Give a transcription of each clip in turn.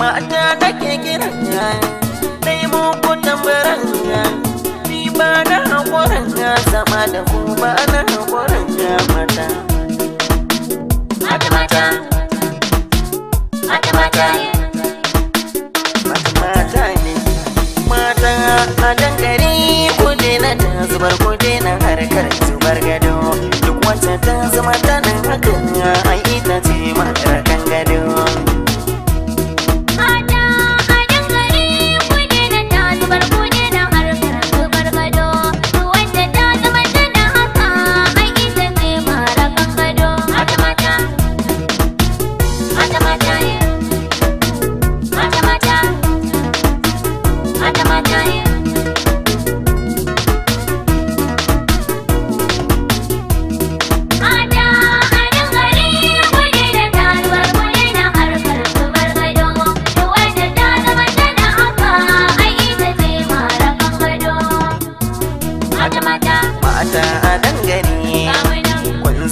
mata take kiran ta dai mugun tambaran ta ni ba na hakuran ta sama da ku ba na hakuran ta mata mata mata mata mata mata mata ne mata a dankare ku na ta zubar ku na harkar zubar gado duk wacce ta zama ta nan hakan ai ita ce matar kanga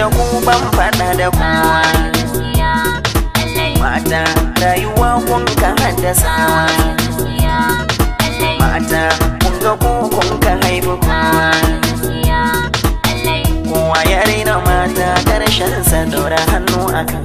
da ku ban faɗa da kowa mata rayuwa kun ka haddasa mata kun ga ku kun ka haifi kowa kowa ya raina mata karshen sa daura hannu a kan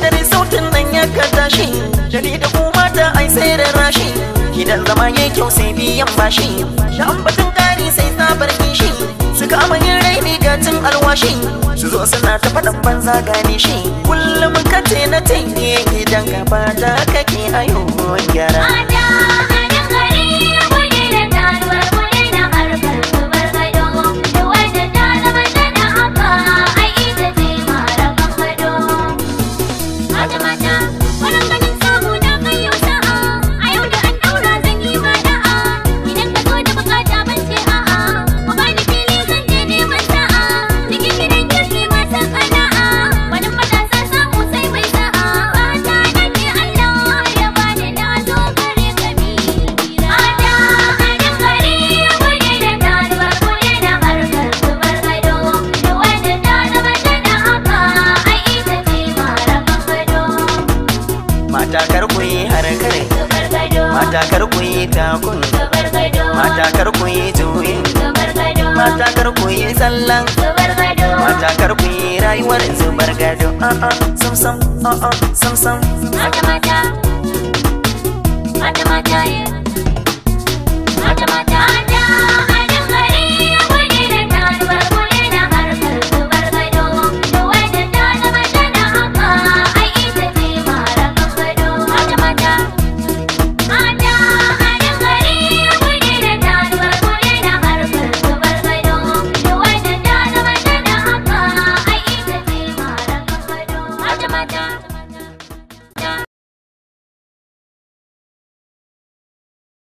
dare sautin nan ya ka tashi Jari da ai sai da rashi Gidan zama ya kyau sai biyan bashi Da ambatin kari sai sabar bar shi Suka amayin rai ne gatin alwashi Su zo suna ta faɗan banza gane shi Kullum ka na taine gidan ka ba da kake ayo gyara mata kar ku yi takun mata kar ku yi juyin mata kar ku yi tsallan mata kar ku yi rayuwar zubar gado a'a uh-uh. sam sam a'a uh-uh. sam sam mata mata mata mata